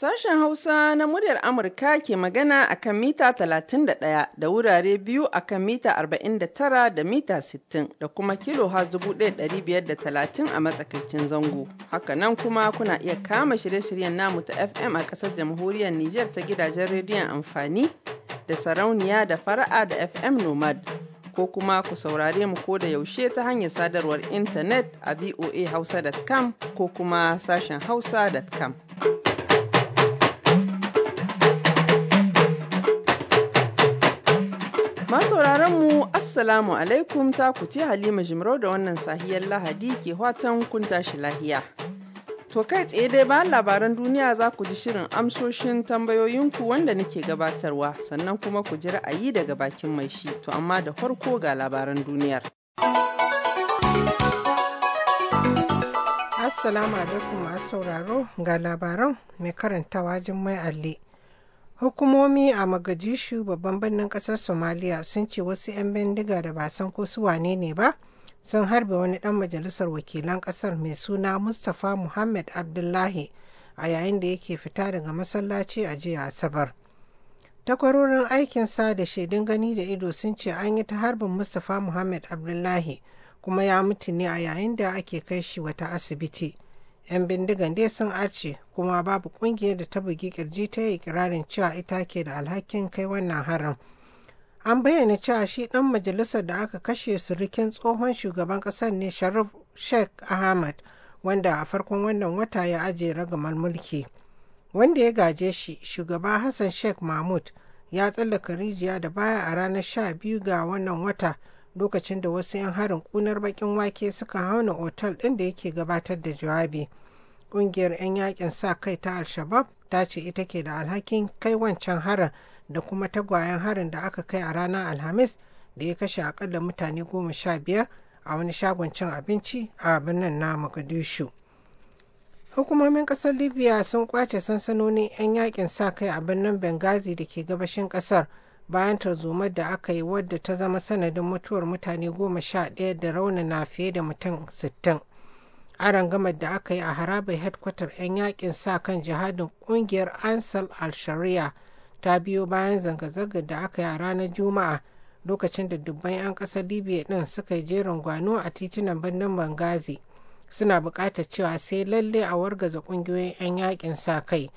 Sashen Hausa na muryar Amurka ke magana a kan mita 31 da wurare biyu a kan mita 49 da mita 60 da kuma kilo har 1530 a matsakaicin zango. Hakanan kuma kuna iya kama shirye-shiryen namu ta FM a ƙasar jamhuriyar Nijar ta gidajen rediyon amfani da sarauniya da fara'a da FM Nomad. Ko kuma ku saurare mu ko da yaushe ta hanyar sadarwar intanet a voahausa.com ko kuma sashen hausa.com. Masauraran mu Assalamu alaikum ta kuti Halima Jimro da wannan sahiyar Lahadi ke watan kun tashi lahiya. To kai tsaye dai bayan labaran duniya za ku ji shirin amsoshin tambayoyinku wanda nake gabatarwa sannan kuma ku ji ra'ayi daga bakin mai shi to amma da farko ga labaran duniyar. Assalamu alaikum masu ga labaran mai karantawa Jummai Alli. hukumomi a magajishu babban birnin kasar somaliya sun ce wasu 'yan bindiga da ba san ko su wane ne ba sun harbe wani dan majalisar wakilan kasar mai suna mustapha muhammad abdullahi a yayin da yake fita daga masallaci a jiya asabar takwarorin aikin sa da shaidun gani da ido sun ce an yi ta harbin mustapha muhammad abdullahi kuma ya mutu ne a yayin da ake kai shi wata asibiti. 'yan bindigan dai sun arce kuma babu kungiyar da ta bugi kirji ta yi ikirarin cewa ita ke da alhakin kai wannan harin an bayyana cewa shi dan majalisar da aka kashe surukin tsohon shugaban kasar ne sharif sheikh ahmad wanda a farkon wannan wata ya ajiye ragamar mulki wanda ya gaje shi shugaba hassan sheikh mahmud ya tsallaka rijiya da baya a ranar 12 ga wannan wata lokacin da wasu 'yan harin kunar bakin wake suka hauna otal ɗin da yake gabatar da jawabi ƙungiyar 'yan yakin sa kai ta al-shabab ta ce ita ke da alhakin kai wancan harin da kuma tagwayen harin da aka kai a ranar alhamis da ya kashe akalla mutane goma sha biyar a wani shagon cin abinci a birnin na mogadishu hukumomin kasar libya sun kwace sansanonin 'yan yakin sa kai a birnin benghazi da ke gabashin kasar bayan tarzomar da aka yi wadda ta zama sanadin mutuwar mutane goma sha ɗaya da na fiye da mutum sittin. arangamar da aka yi a harabar headquarter 'yan yakin sa kan jihadin kungiyar ansal al-sharia ta biyo bayan zanga-zangar da aka yi a ranar juma'a lokacin da dubban 'yan kasar libya din suka yi jerin gwano a titunan birnin bangazi suna buƙatar cewa sai lalle a wargaza ƙungiyoyin 'yan yakin sa kai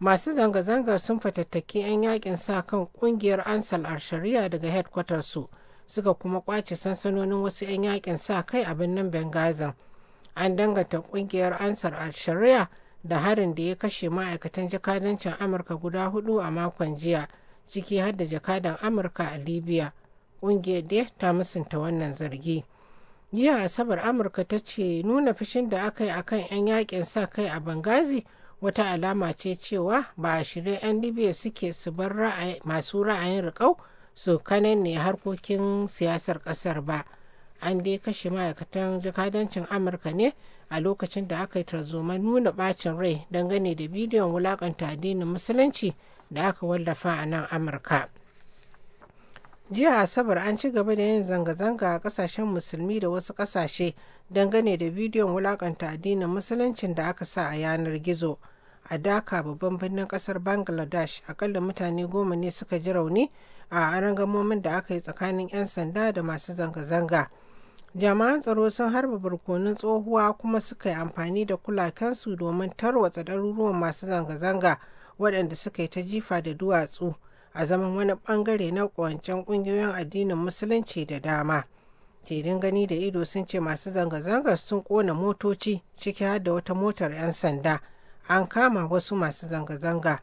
masu zanga-zangar sun fatattaki 'yan yakin sa kan kungiyar ansal al-shari'a daga su suka kuma kwace sansanonin wasu 'yan yakin sa kai abin nan bengazin an danganta kungiyar ansar al-shari'a da harin da ya kashe ma'aikatan jakadancin amurka guda hudu a makon jiya ciki har da jakadan amurka a libya kungiyar da ta musunta wannan zargi jiya asabar amurka ta ce nuna fushin da aka yi akan 'yan yakin sa kai a bangazi wata alama ce cewa ba a shirye 'yan libya suke su bar masu ra'ayin rikau su kanan ne harkokin siyasar kasar ba an dai kashe ma'aikatan jakadancin amurka ne a lokacin da aka yi tarzoma nuna bacin rai dangane da bidiyon wulakanta addinin musulunci da aka wallafa a nan amurka jiya asabar an ci gaba da yin zanga-zanga a kasashen musulmi da wasu kasashe dangane da bidiyon wulakanta addinin musuluncin da aka sa a yanar gizo a daka babban birnin kasar bangladesh akalla mutane goma ne suka ji rauni a gamomin da aka yi tsakanin 'yan sanda da masu zanga-zanga jama'an tsaro sun harba barkonin tsohuwa kuma suka yi amfani da kulakensu domin tarwatsa ɗaruruwan masu zanga-zanga waɗanda suka yi ta jifa da duwatsu a zaman wani bangare na kwancen kungiyoyin addinin musulunci da dama tirin gani da ido sun ce masu zanga-zangar sun kona motoci ciki har da wata motar 'yan sanda an kama wasu masu zanga-zanga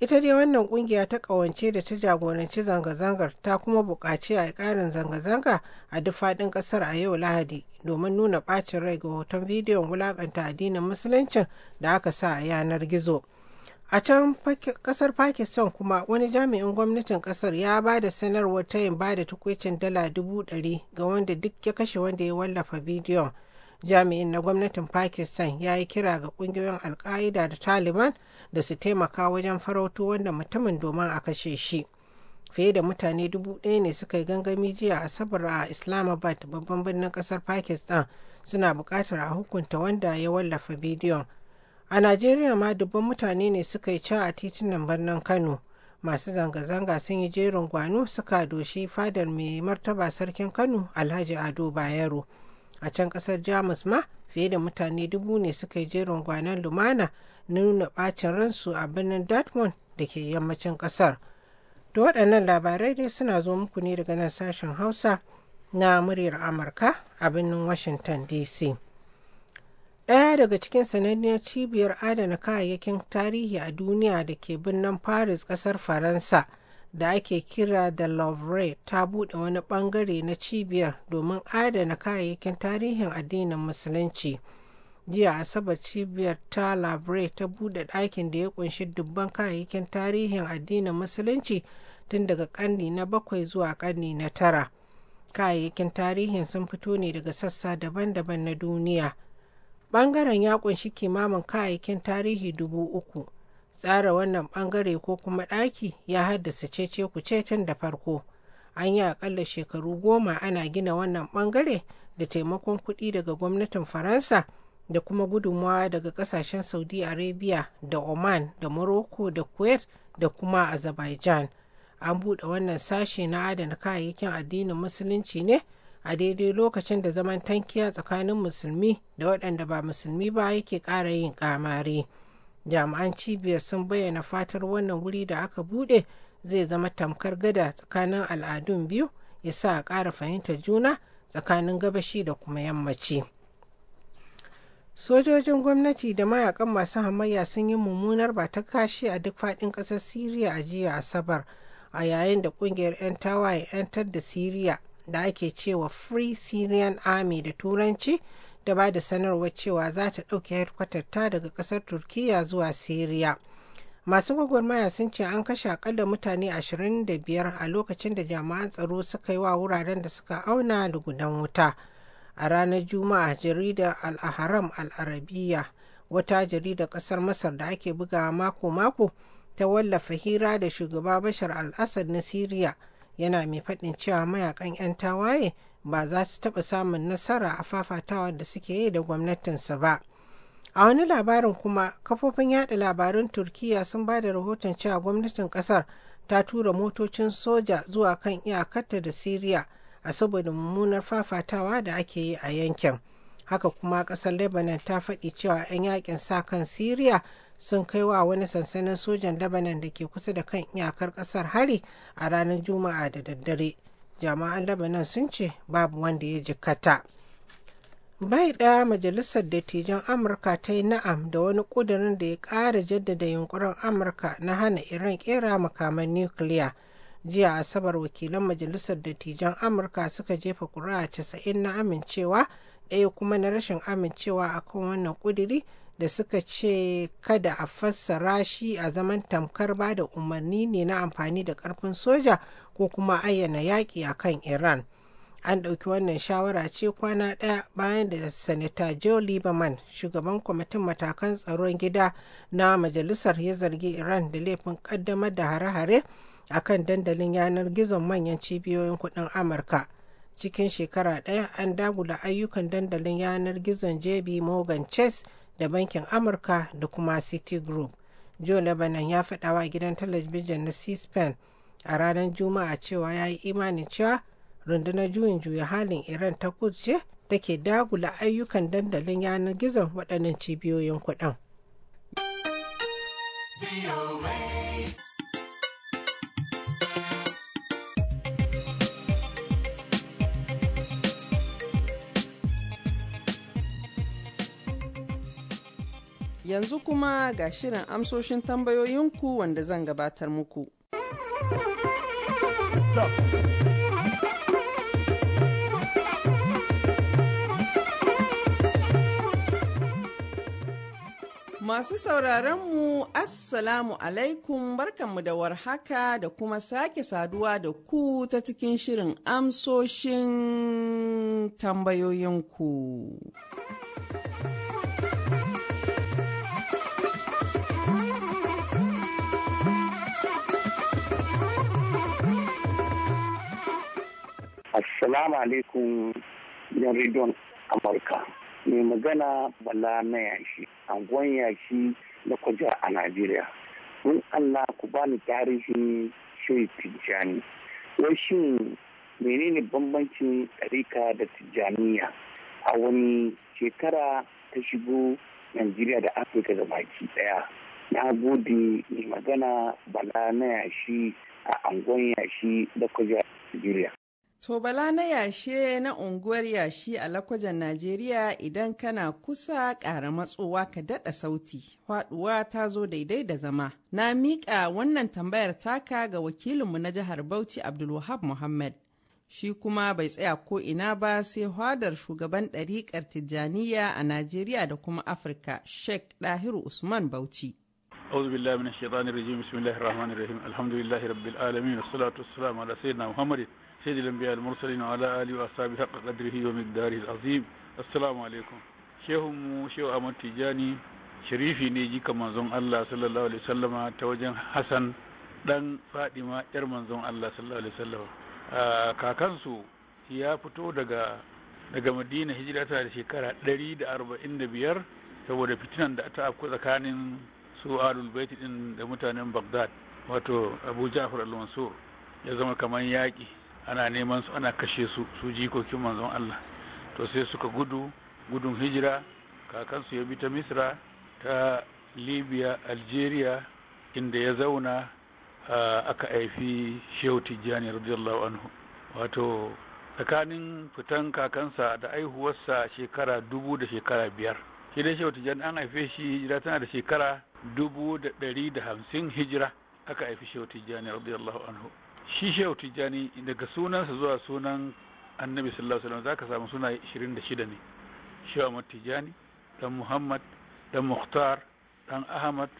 ita dai wannan kungiya ta kawance da ta jagoranci zanga-zangar ta kuma buƙaci a ƙarin zanga-zanga a duk faɗin ƙasar a yau lahadi domin nuna ɓacin rai ga hoton bidiyon wulaƙanta addinin musuluncin da aka sa a yanar gizo. a can kasar pakistan kuma wani jami'in gwamnatin kasar ya ba da sanarwar ta yin ba da tukwicin dala dubu ɗari ga wanda duk ya kashe wanda ya wallafa bidiyon jami'in na gwamnatin pakistan ya yi kira ga kungiyoyin alka'ida da taliban da su taimaka wajen farauto wanda mutumin domin a kashe shi fiye da mutane dubu ɗaya ne suka yi gangami jiya a asabar a islamabad babban birnin kasar pakistan suna buƙatar a hukunta wanda ya wallafa bidiyon A Najeriya ma dubban mutane ne suka yi ca a titunan birnin Kano. Masu zanga-zanga sun yi jerin gwano suka doshi fadar mai martaba sarkin Kano Alhaji Ado Bayero. A can kasar Jamus ma fiye da mutane dubu ne suka yi jerin gwanon lumana na nuna bacin ransu a birnin dartmouth da ke yammacin kasar. Da waɗannan labarai dai suna zo muku ne daga nan sashen Hausa na muryar Amurka a birnin Washington DC. daga cikin sananniyar cibiyar adana kayayyakin tarihi a duniya da ke birnin paris ƙasar faransa da ake kira da louvre ta bude wani bangare na cibiyar domin adana kayayyakin tarihin addinin musulunci jiya asabar cibiyar ta louvre ta bude dakin da ya kunshi dubban kayayyakin tarihin addinin musulunci tun daga ƙarni na bakwai zuwa ƙarni na tara kayayyakin tarihin sun fito ne daga sassa daban-daban na duniya Bangaren ya kunshi kimamin kayayyakin tarihi dubu uku. Tsara wannan bangare ko kuma ɗaki ya haddasa cece ku tun da farko. An yi akalla shekaru goma ana gina wannan bangare da taimakon kuɗi daga gwamnatin Faransa da kuma gudunmawa daga kasashen Saudi Arabia da Oman da Morocco da Kuwait da kuma Azerbaijan. An buɗe wannan sashe na adana kayayyakin addinin Musulunci ne a daidai lokacin da zaman tankiya tsakanin musulmi da waɗanda ba musulmi ba yake ƙara yin ƙamari jami'an cibiyar sun bayyana fatar wannan wuri da aka buɗe zai zama tamkar gada tsakanin al'adun biyu ya sa a ƙara fahimtar juna tsakanin gabashi da kuma yammaci sojojin gwamnati da mayakan masu hamayya sun yi mummunar ba ta kashi a duk faɗin ƙasar siriya a jiya asabar a yayin da ƙungiyar 'yan tawaye 'yantar da siriya da ake cewa Free Syrian Army da Turanci da ba da sanarwar cewa za ta ɗauke ta daga ƙasar Turkiyya zuwa Syria. Masu gwagwarmaya sun ce an kashe akalla mutane 25 a lokacin da jama'an tsaro suka yi wa wuraren da suka auna da gudan wuta. A ranar Juma'a jaridar Al-Ahram Al-Arabiya wata jaridar ƙasar Masar da ake buga mako-mako ta wallafa hira da shugaba Bashar al na Syria. yana mai faɗin cewa mayakan 'yan tawaye ba za su taɓa samun nasara a fafatawa da suke yi da gwamnatinsa ba. A wani labarin kuma, kafofin yada labarun Turkiyya sun ba da rahoton cewa gwamnatin kasar ta tura motocin soja zuwa kan iyakarta da Siriya a saboda mummunar fafatawa da ake yi a yankin. Haka kuma kasar Lebanon ta faɗi cewa 'yan yakin sa kan Siriya sun kai wa wani sansanin sojan Lebanon da ke kusa da kan iyakar kasar hari a ranar Juma'a da daddare. Jama'an Lebanon sun ce babu wanda ya jikkata. Bai ɗaya majalisar dattijan Amurka ta yi na'am da wani ƙudurin da ya ƙara jaddada yunkurin Amurka na hana Iran ƙera makaman nukiliya. jiya asabar wakilan majalisar dattijan amurka suka jefa ƙuri'a casa'in na amincewa ɗaya kuma na rashin amincewa akan wannan ƙudiri da suka ce kada a fassara shi a zaman tamkar ba da umarni ne na amfani da karfin soja ko kuma ayyana yaƙi a kan iran an ɗauki wannan shawara ce kwana ɗaya bayan da sanata joe lieberman shugaban kwamitin matakan tsaron gida na majalisar ya zargi iran da laifin ƙaddamar da hare-hare a kan dandalin yanar gizon manyan cibiyoyin kuɗin amurka cikin shekara ɗaya an dagula ayyukan dandalin yanar gizon jb morgan chase da bankin amurka da kuma citigroup joe lebanon ya faɗa wa gidan talabijin na c-span a ranar juma'a cewa ya yi imanin cewa rundunar juyin juya halin iran ta ce take dagula ayyukan dandalin yanar gizon waɗannan cibiyoyin kuɗin. Yanzu kuma ga shirin amsoshin tambayoyinku wanda zan gabatar muku. Masu mu Assalamu alaikum barkanmu da warhaka da kuma sake saduwa da ku ta cikin shirin amsoshin tambayoyinku. Salamu alaikum yan rediyon Amurka. Mai magana bala na yashi, angon yashi na kwaja a Najeriya. Mun Allah ku bani tarihin shirin Tijjani. Wai shin menene bambancin ɗarika da Tijjaniya a wani shekara ta shigo Najeriya da Afirka da baki ɗaya. Na gode mai magana bala na yashi a angon yashi da kwaja Najeriya. To bala na yashe na unguwar yashi a lakwajen Najeriya idan kana kusa ƙara matsowa ka daɗa sauti, faɗuwa ta zo daidai da zama. Na miƙa wannan tambayar taka ga wakilinmu na jihar Bauchi Abdulwahab Muhammad. Shi kuma bai tsaya ko ina ba sai hadar shugaban ɗariƙar Tijjaniya a Najeriya da kuma Afirka, Sheikh Ɗahiru Usman Bauchi. أعوذ بالله من الشيطان الرجيم بسم الله الرحمن الرحيم الحمد لله رب العالمين والصلاة والسلام على سيدنا محمد سيد الأنبياء المرسلين وعلى آله وأصحابه حق قدره ومقداره العظيم السلام عليكم شيخم شيخ أحمد تجاني sharifi ne jika manzon Allah sallallahu alaihi wasallama ta wajen Hassan dan Fadima yar manzon Allah sallallahu alaihi wasallama kakansu ya fito daga daga Madina hijira ta da shekara 145 saboda fitinan da ta afku tsakanin su Ahlul Bait din da mutanen Baghdad wato Abu Ja'far al-Mansur ya zama kamar yaƙi ana neman su ana kashe su su jikokin manzon Allah to sai suka gudu gudun hijira kakansu ya bi ta misra ta libya algeria inda ya zauna aka haifi shehu tijjani radiyallahu anhu wato tsakanin fitan kakansa da aihuwarsa shekara dubu da shekara biyar shi dai shehu tijjani an haife shi hijira tana da shekara dubu da ɗari da hamsin hijira aka haifi shehu tijjani radiyallahu anhu shi shehu tijjani daga sunansa zuwa sunan annabi sallallahu alaihi wasallam zaka samu suna 26 ne shehu ahmad tijjani dan muhammad dan muhtar dan ahmad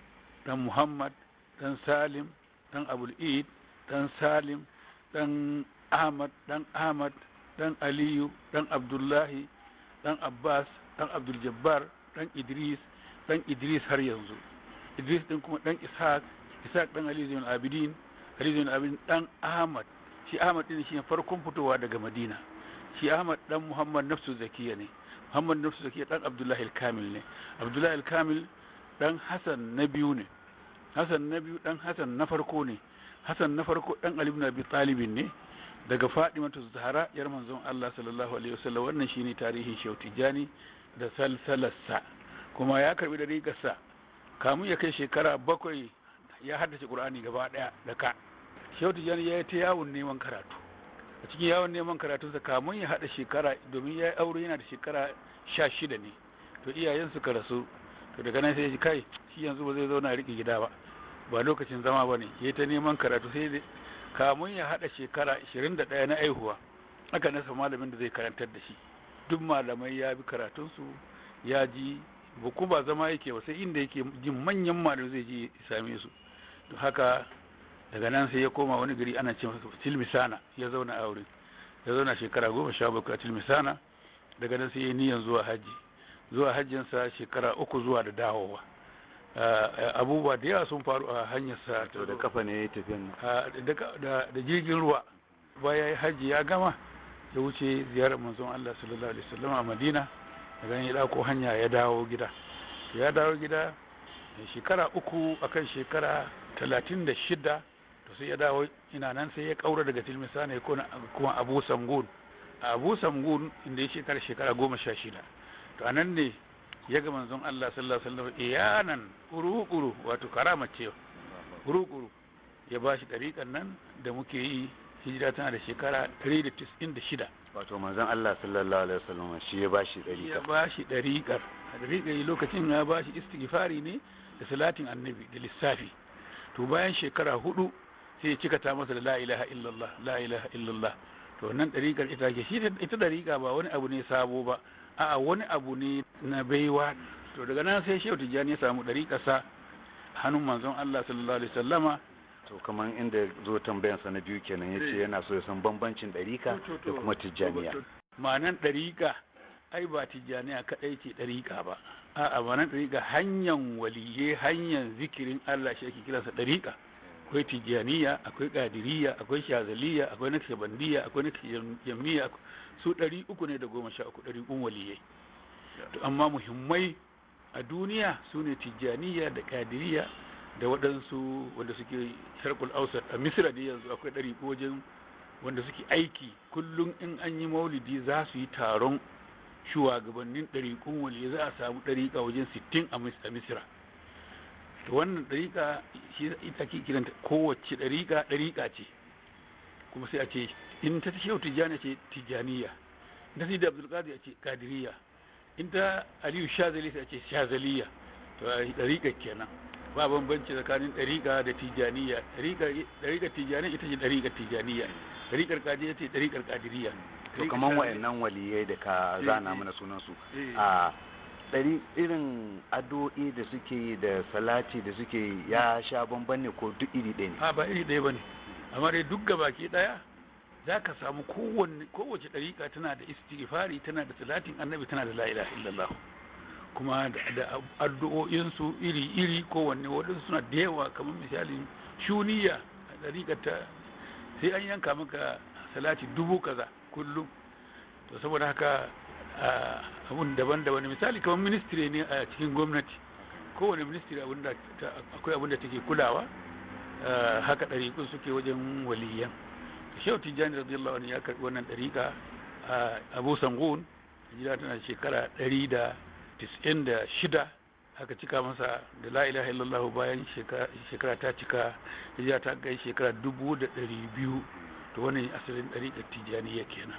dan muhammad dan salim dan abul eid dan salim dan ahmad dan ahmad dan aliyu dan abdullahi dan abbas dan abdul jabbar dan idris dan idris har yanzu idris din kuma dan ishaq ishaq dan aliyu abidin rizun abin dan ahmad shi ahmad din shine farkon fitowa daga madina shi ahmad dan muhammad nafsu zakiya ne muhammad nafsu zakiya dan abdullahi al-kamil ne abdullahi al-kamil dan hasan na biyu ne hasan na biyu dan hasan na farko ne hasan na farko dan ali ibn abi talib ne daga fadimatu zahara yar manzon allah sallallahu alaihi wasallam wannan shine tarihin shautijani da salsalarsa kuma ya karbi rigarsa. kamun ya kai shekara bakwai ya haddace qur'ani gaba daya da ka shehu tijjani ya yi ta yawon neman karatu a cikin yawon neman karatunsa kamun ya haɗa shekara domin ya yi aure yana da shekara sha shida ne to iyayen ka rasu to daga nan sai ya kai shi yanzu ba zai zauna riƙe gida ba ba lokacin zama ba ne ya yi ta neman karatu sai kamun ya haɗa shekara ashirin da ɗaya na aihuwa aka nasa malamin da zai karantar da shi duk malamai ya bi karatunsu ya ji ba ku ba zama yake ba sai inda yake jin manyan malamai zai je ya same su haka daga nan sai ya koma wani gari ana ce tilmisana ya zauna a wurin ya zauna shekara goma sha bakwai a tilmisana daga nan sai ya niyan zuwa hajji zuwa hajjinsa shekara uku zuwa da dawowa abubuwa da yawa sun faru a hanyarsa to da kafa ne ya tafi da jirgin ruwa baya hajji ya gama ya wuce ziyarar manzon Allah sallallahu alaihi wasallam a Madina daga ya dauko hanya ya dawo gida ya dawo gida shekara uku akan shekara talatin da shida to sai ya dawo ina nan sai ya kaura daga tilmisa ne kuma abu sangun a abu sangun inda ya shekara shekara goma sha shida to a nan ne ya ga manzon Allah sallallahu alaihi wasallam nan kuru-kuru wato karama ce kuru-kuru ya ba shi ɗariƙan nan da muke yi hijira tana da shekara shida wato manzon Allah sallallahu alaihi wasallam shi ya bashi dariƙar ya bashi dariƙar yi lokacin ya ba shi istighfari ne da salatin annabi da lissafi to bayan shekara hudu sai ya ta masa da la ilaha illallah la illallah to nan dariƙar ita ke shi ita dariƙa ba wani abu ne sabo ba a'a wani abu ne na baiwa to daga nan sai shehu tijjani ya samu dariƙa sa hannun manzon Allah sallallahu alaihi sallama to kamar inda zo tambayan sa na biyu kenan yace eh. yana so ya san bambancin dariƙa da kuma tijjaniya ma'anan dariƙa ai ba tijjaniya kaɗai ce dariƙa ba a'a ba nan ɗariƙa hanyar waliye hanyar zikirin Allah shi ake kiransa ɗariƙa akwai tijjaniya akwai ƙadiriya akwai shazaliya akwai nakshabandiya akwai nakshabandiyya su ɗari uku ne da goma sha uku ɗari un waliye to amma muhimmai a duniya su ne tijjaniya da ƙadiriya da waɗansu wanda suke sharkul ausar a misira da yanzu akwai ɗari wajen wanda suke aiki kullum in an yi maulidi za su yi taron shugabannin ɗariƙun wani za a samu ɗariƙa wajen sittin a misira to wannan ɗariƙa shi ita ke kiranta kowace ɗariƙa ɗariƙa ce kuma sai a ce in ta shehu tijjani ce tijjaniya in ta sidi abdulkadir a ce kadiriya in ta aliyu shazali sai a ce shazaliya to a ɗariƙa kenan ba bambanci tsakanin ɗariƙa da tijjaniya ɗariƙar tijjani ita ce ɗariƙar tijjaniya ɗariƙar kadiriya ita ce ɗariƙar kadiriya to kaman wayannan waliyai da ka eh, zana eh. mana sunan su eh. a ɗari irin addu'o'i da suke yi da salati da suke yi ya sha bamban ne ko duk iri ɗaya ne ba iri ɗaya ba ne amma dai duk gabaki ɗaya za ka samu kowace ɗariƙa tana da istighfari tana da salatin annabi tana da la'ila illallah kuma da addu'o'insu iri-iri kowanne waɗansu suna da yawa kamar misali shuniya a ɗariƙa ta sai an yanka maka salati dubu kaza kullum to saboda haka abun daban-daban misali kamar ministry ne a cikin gwamnati kowane ministry akwai abun da take kulawa haka ɗariƙun suke wajen waliyan shehu tijjani radiyallahu anhu ya karɓi wannan ɗariƙa a abu sangun jira tana shekara ɗari da tis'in da shida aka cika masa da la ilaha illallah bayan shekara ta cika hijira ta kai shekara dubu da ɗari biyu to wani asalin ɗariƙar tijjaniya kenan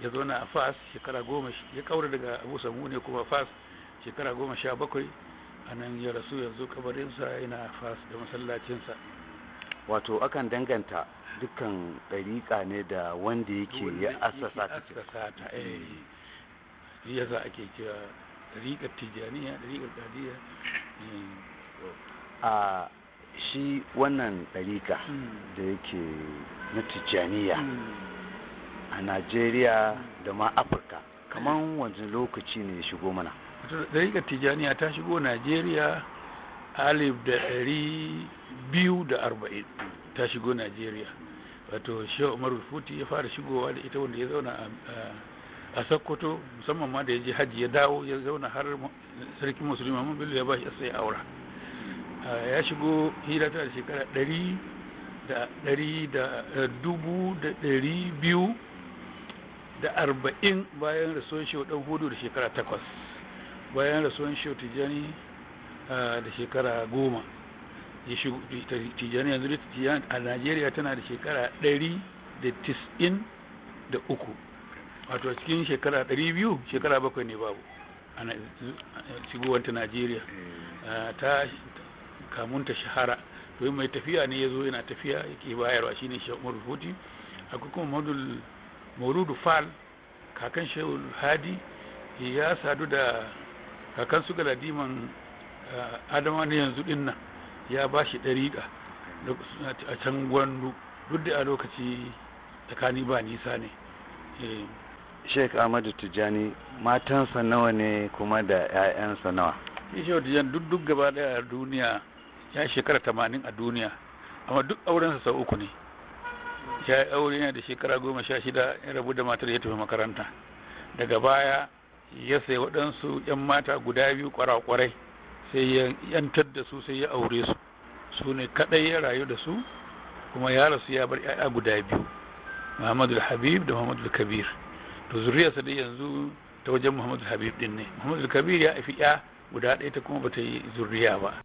ya zo na a fas shekara goma ya kaura daga abu samu ne kuma fas shekara goma sha bakwai a nan ya rasu yanzu kabarinsa yana fas da masallacinsa wato akan danganta dukkan ɗariƙa ne da wanda yake ya assasa ta ta eh. ya za ake kira ɗariƙar tijjaniya ɗariƙar ƙadiyya eh. a shi wannan ɗarika hmm. da yake na tijjaniya hmm. a najeriya hmm. da ma afirka kamar wajen lokaci ne ya shigo mana ɗarikar tijjaniya ta shigo najeriya alif da ɗari biyu da arba'in ta shigo najeriya wato shehu umar futi ya fara shigowa da ita wanda ya zauna a sokoto musamman ma da ya je hajji ya dawo ya zauna har sarki musulmi mamman ya ba shi sai aura ya shigo hira ta shekara ɗari da ɗari da eh, dubu da ɗari biyu da arba'in bayan rasuwan shehu ɗan hudu da shekara takwas bayan rasuwan shehu tijjani da shekara goma tijjani yanzu da tijjani a najeriya tana da shekara ɗari da tis'in da uku wato cikin shekara ɗari biyu shekara bakwai ne babu a shigowanta najeriya eh. kamun ta shahara domin mai tafiya ne ya zo yana tafiya yake bayarwa shine shehu umar foti akwai kuma madul mauludu fal kakan shehu hadi ya sadu da kakan su galadiman eh, adama ne yanzu dinnan ya bashi shi ɗariƙa a can gwandu duk da a lokaci tsakani ba nisa ne eh. sheik ahmadu tijjani matansa nawa ne kuma da 'ya'yansa nawa shi shehu tijjani duk gaba daya a duniya ya shekara tamanin a duniya amma duk aurensa sau uku ne ya yi aure yana da shekara goma sha shida ya rabu da matar ya tafi makaranta daga baya ya sai waɗansu 'yan mata guda biyu kwarakwarai sai ya yantar da su sai ya aure su su ne kaɗai ya rayu da su kuma ya rasu ya bar 'ya'ya guda biyu muhammadu habib da muhammadu kabir to zuriyarsa da yanzu ta wajen muhammadu habib din ne muhammadu kabir ya haifi 'ya guda ɗaya ta kuma bata yi zuriya ba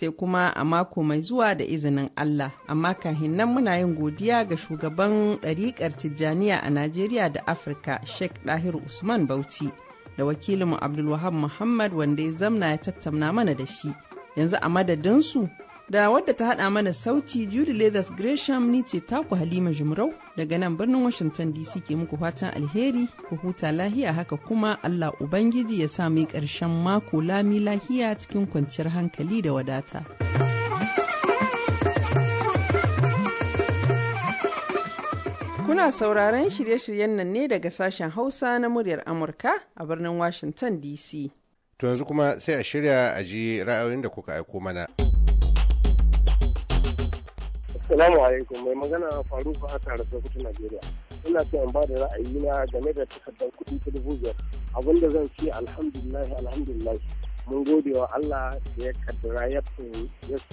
sai kuma a mako mai zuwa da izinin Allah. Amma kahin nan muna yin godiya ga shugaban ɗariƙar Tijjaniya a Najeriya da Afirka, Sheikh Ɗahir Usman Bauchi, da wakilinmu Abdulwahab Muhammad wanda ya zamna ya tattauna mana da shi. Yanzu a madadinsu da wadda ta hada mana sauti Judy Leathers Gresham ni ce taku Halima jimrau daga nan birnin Washington DC ke muku fatan alheri ku huta lahiya haka kuma Allah Ubangiji ya sa mai karshen mako lami lahiya cikin kwanciyar hankali da wadata. Kuna sauraron shirye-shiryen nan ne daga sashen Hausa na muryar Amurka a birnin Washington DC. To yanzu kuma sai a shirya a ji ra'ayoyin da kuka aiko mana. Salamu alaikum mai magana faru ba tare da kutu Najeriya. Ina so in ba da ra'ayi na game da takardar kuɗi ta dubu biyar. Abin da zan ce alhamdulillahi alhamdulillahi. Mun gode wa Allah da ya kaddara ya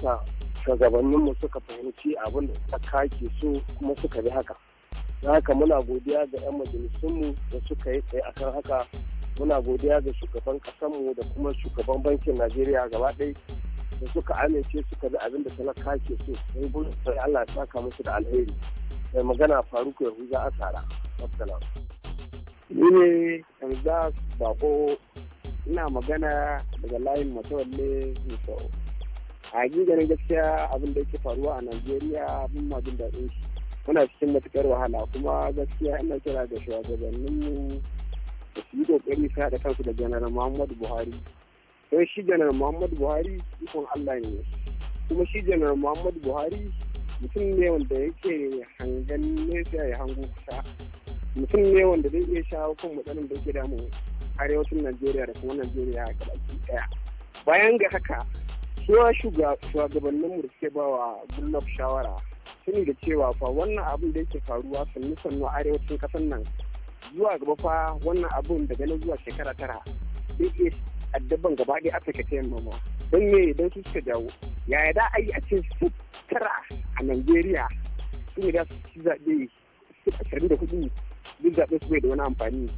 sa shugabanninmu suka fahimci abin da suka kake so kuma suka bi haka. Da haka muna godiya ga 'yan majalisunmu da suka yi tsaye akan haka. Muna godiya ga shugaban ƙasarmu da kuma shugaban bankin Najeriya gaba ɗaya da suka amince suka bi abin da talaka ke so sai gudu sai Allah ya saka musu da alheri sai magana faruku yahuza asara assalam ni ne yanzu bako ina magana daga layin matawalle musau a hakikanin gaskiya abin da yake faruwa a najeriya mun ma jin daɗin shi muna cikin matuƙar wahala kuma gaskiya ina kira ga shugabanninmu da su yi ƙoƙari sa da kansu da janar muhammadu buhari don shi janar muhammadu buhari ikon allah ne kuma shi janar muhammadu buhari mutum ne wanda yake hangen nesa ya hango kusa mutum ne wanda zai iya shawo kan matsalin da yake damu arewacin najeriya da kuma najeriya a baki daya bayan ga haka suwa mu da suke ba wa gulnaf shawara sani da cewa fa wannan abin da yake faruwa sannu sannu arewacin kasan nan zuwa gaba fa wannan abin daga na zuwa shekara tara addabban gaba ɗaya afirka ta yamma ma don me don su suka jawo yaya za a yi a ce su tara a najeriya su ne da su ci zaɓe su ashirin da kuɗi duk zaɓe su bai da wani amfani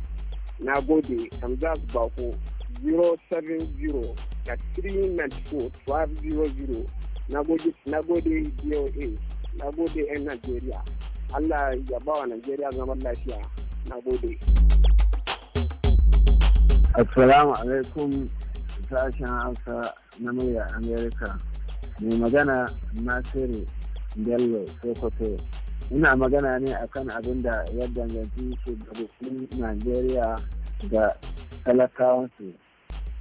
na gode hamza bako 070 394 1200 na gode na gode doa na gode yan najeriya allah ya ba wa najeriya zaman lafiya na gode Assalamu alaikum sashen Hausa na murya Amerika. Mai magana Nasiru Bello Sokoto. Ina magana ne akan abin da ya danganci shugabannin Najeriya ga talakawansu.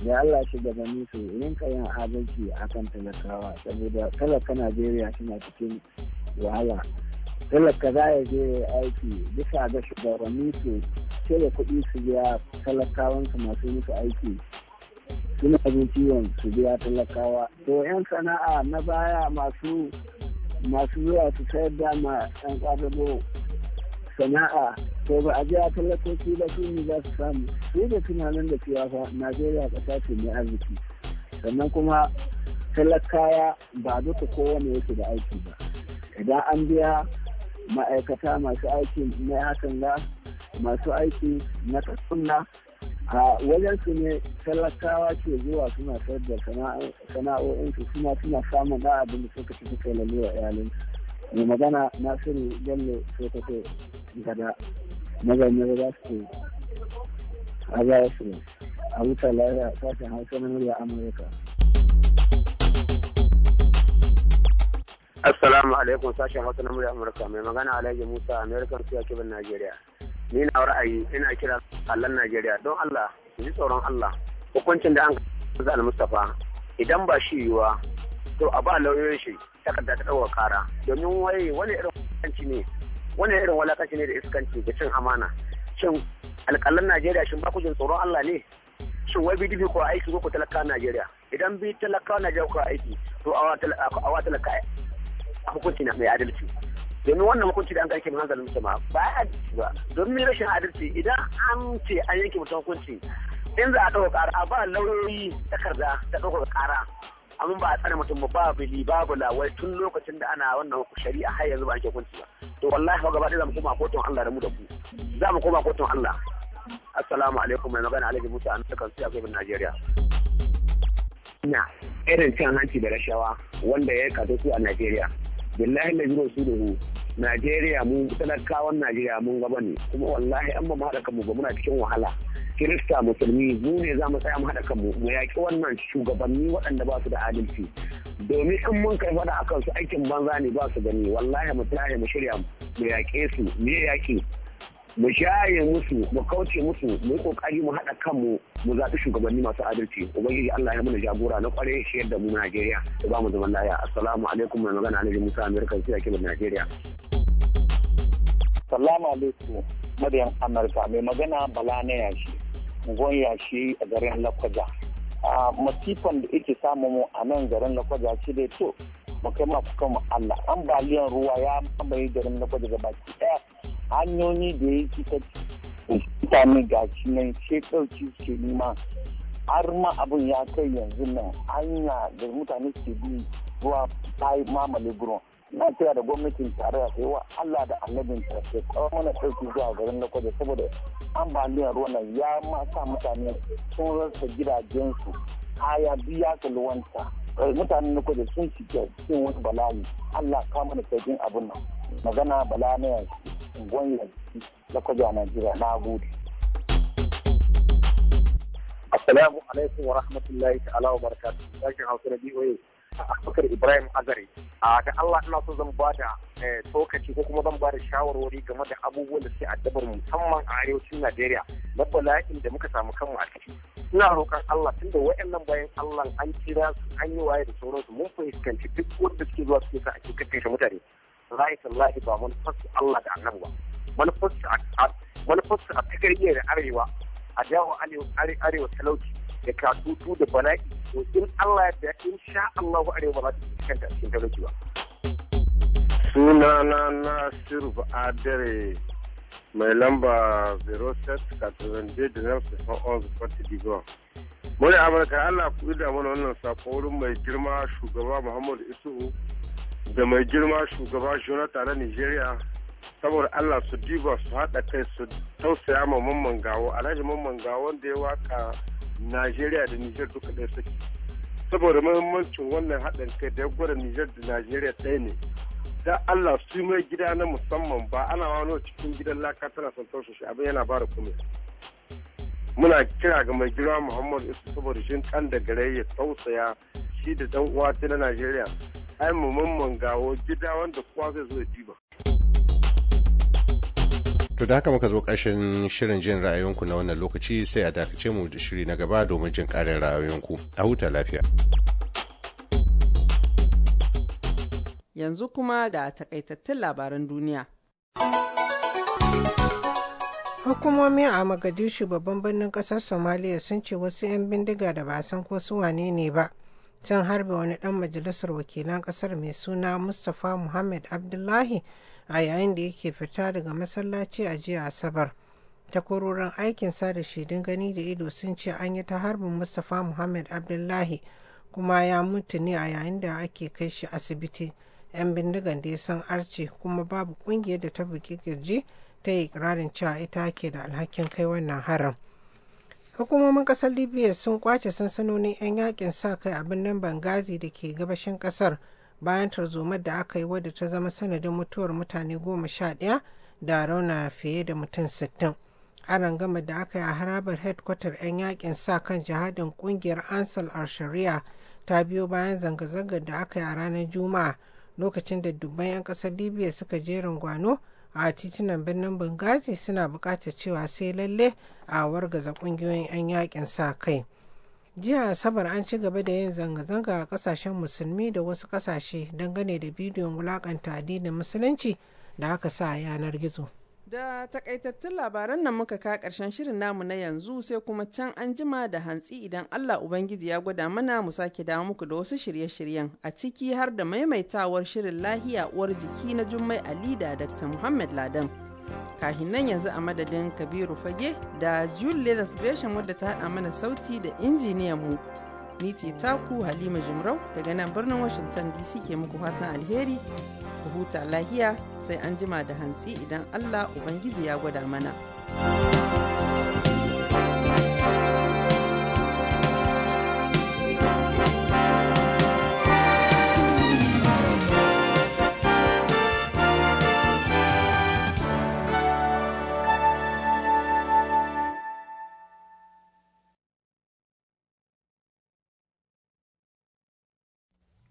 Ya Allah shugabanni su rinka yin adalci akan talakawa saboda talaka Najeriya suna cikin wahala. talaka za ya je aiki bisa ga shugabanni su ce da kuɗi su biya talakawansu masu musu aiki suna abin ciwon su biya talakawa to yan sana'a na baya masu masu zuwa su sayar da ma yan kwadago sana'a to ba a biya talakoki ba su ne za su samu su da tunanin da cewa fa najeriya ƙasa ce mai arziki sannan kuma talakawa ba duka kowane yake da aiki ba idan an biya ma'aikata masu aiki na hakan da masu aiki na kasunna a wajen su ne talakawa ke zuwa suna sayar da sana'o'insu suna suna samun da abin da suka ci suka laluwa iyalin mai magana na nasiru bello ce gada mazanin za su a za su a wuta lafiya sashen hausa na murya amurka Assalamu alaikum sashen wasu na murya Amurka mai magana Alhaji Musa American Suya Kibin Najeriya. Ni na ra'ayi ina kira Allah Najeriya don Allah ji tsoron Allah hukuncin da an kaza al-Mustafa idan ba shi yiwa to a ba lauyoyin shi takarda ta ɗaukar kara domin waye wani irin walakanci ne wani irin walakanci ne da iskanci da cin amana shin alƙalan Najeriya shin ba ku jin tsoron Allah ne shin wai bidibi ko aiki ko talaka Najeriya idan bi talaka Najeriya ko aiki to awa talaka hukunci na mai adalci domin wannan hukunci da an karke mun hanzalin musamman ba ya adalci ba domin rashin adalci idan an ce an yanke mutum hukunci in za a ɗauka ƙara a ba lauyoyi takarda ta ɗauka ƙara amma ba a tsare mutum ba babu li babu lawai tun lokacin da ana wannan shari'a har yanzu ba ake hukunci ba to wallahi ba gaba ɗaya za mu koma kotun Allah da mu da ku za mu koma kotun Allah assalamu alaikum mai magana alhaji musa an takan su a gaban najeriya na irin cin hanci da rashawa wanda ya kaso su a najeriya billahi na biro su da mu. Najeriya mu talakawan Najeriya mun gaba ne kuma wallahi an ba mu haɗa kanmu ba muna cikin wahala Kirista musulmi mu ne za mu tsaya mu haɗa kanmu mu yaƙi wannan shugabanni waɗanda ba su da adalci domin in mun kai faɗa akan su aikin banza ne ba su gani wallahi mu tsaya mu shirya mu yaƙe su me yaƙi mu shaye musu mu kauce musu mu yi kokari mu haɗa kanmu mu zaɓi shugabanni masu adalci ubangiji Allah ya muna jagora na kware shi yadda mu Najeriya da ba mu zaman laya assalamu alaikum mai magana Alhaji Musa Amerika sai ake Najeriya Assalamu alaikum madayan Amurka mai magana Bala na yashi gon yashi a garin Lakwaja a ah, masifan da yake samu mu a nan garin Lakwaja shi dai to makai kai ma kuka an Allah ambaliyan ruwa ya mamaye garin na daga baki daya hanyoyi da yake ta mutane ga shi nan sai ɗauki nima har ma abin ya kai yanzu nan hanya da mutane suke bi ruwa ta yi mamale gurin na tsaya da gwamnatin tarayya ta yi wa Allah da annabin ta ta mana ɗauki zuwa garin na kwaje saboda ambaliyar ruwa nan ya ma sa mutane sun rasa gidajensu kaya biya kalwanta Eh, mutanen na kudu sun shiga cikin wani bala'i allah kama da sauƙin abin nan magana bala na yanzu yanzu na kwaja a najeriya na gudu assalamu alaikum wa rahmatullahi ta'ala wa barakatuh sashen hausa na a abubakar ibrahim azare da allah ina so zan ba da eh, tsokaci ko kuma zan ba da shawarwari game da abubuwan da suke addabar musamman a arewacin najeriya na bala'in da muka samu kanmu a ciki ina roƙon Allah tunda waɗannan bayan Allah an kira su an yi waye da sauransu mun fahimci duk wanda suke zuwa suke sa a cikin kashe mutane wallahi tallahi ba manufarsu Allah da annabi ba manufarsu a cikin iya da arewa a jawo arewa talauci da katutu da bala'i to in Allah ya in sha Allah arewa ba za ta cikin talauci ba. Sunana Nasiru Adare mai lamba 06 Muna Amurka Allah ku ida mana wannan sako wurin mai girma shugaba Muhammadu isu da mai girma shugaba Jonathan na Nigeria saboda Allah su diba su haɗa kai su tausaya ma mamman gawo alhaji mamman gawo wanda ya waka Najeriya da niger duka ɗaya suke saboda muhimmancin wannan haɗin kai da ya gwada Nijar da Najeriya ɗaya ne da Allah su mai gida na musamman ba ana wano cikin gidan laka tana son taushe abin yana ba da kuma muna kira ga mai girma Muhammad Isu saboda shin kan da gare ya tausaya shi da dan uwa ta na Najeriya ai mu mamman gawo gida wanda kowa zai zo ya diba To da haka muka zo ƙarshen shirin jin ra'ayoyinku na wannan lokaci sai a dakace mu da shiri na gaba domin jin ƙarin ra'ayoyinku. A huta lafiya. yanzu kuma ga takaitattun labaran duniya. Hukumomi a Magadishu babban birnin kasar Somaliya sun ce wasu 'yan bindiga da ba san ko su wane ne ba can harbe wani dan majalisar wakilan kasar mai suna Mustapha Muhammad Abdullahi a yayin da yake fita daga masallaci a jiya Asabar. Takwarorin aikin sada shaidun gani da ido sun ce an yi ta harbin Mustapha Muhammad Abdullahi kuma ya mutu ne a yayin da ake kai shi asibiti. 'yan bindigan dai sun arce kuma babu kungiyar da ta buki kirji ta yi ikirarin cewa ita ke da alhakin kai wannan haram hukumomin kasar libya sun kwace sansanonin 'yan yakin sa kai a birnin bangazi da ke gabashin kasar bayan tarzomar da aka yi wadda ta zama sanadin mutuwar mutane goma sha ɗaya da rauna fiye da mutum sittin aron gama da aka yi a harabar headquarter 'yan yakin sa kan jihadin kungiyar ansal al-sharia ta biyo bayan zanga-zangar da aka yi a ranar juma'a lokacin da dubban 'yan kasar libya suka je rungwano a titunan birnin benghazi suna buƙatar cewa sai lalle a wargaza ƙungiyoyin 'yan yakin sa kai jiya asabar an ci gaba da yin zanga-zanga a kasashen musulmi da wasu kasashe dangane da bidiyon wulakanta addinin musulunci da aka sa a yanar gizo Da takaitattun labaran nan muka ka karshen shirin namu na yanzu sai kuma can an jima da hantsi idan Allah Ubangiji ya gwada mana mu sake dawo muku da wasu shirye-shiryen a ciki har da maimaitawar shirin lahiya uwar jiki na Jummai Ali da Dr. Muhammad Ladan. Kahin nan yanzu a madadin Kabiru Fage da Julie Leathers Gresham wadda ta haɗa mana sauti da injiniyan mu. Ni ce taku Halima Jimrau daga nan birnin Washington DC ke muku fatan alheri ku huta lahiya sai an jima da hantsi idan Allah Ubangiji ya gwada mana.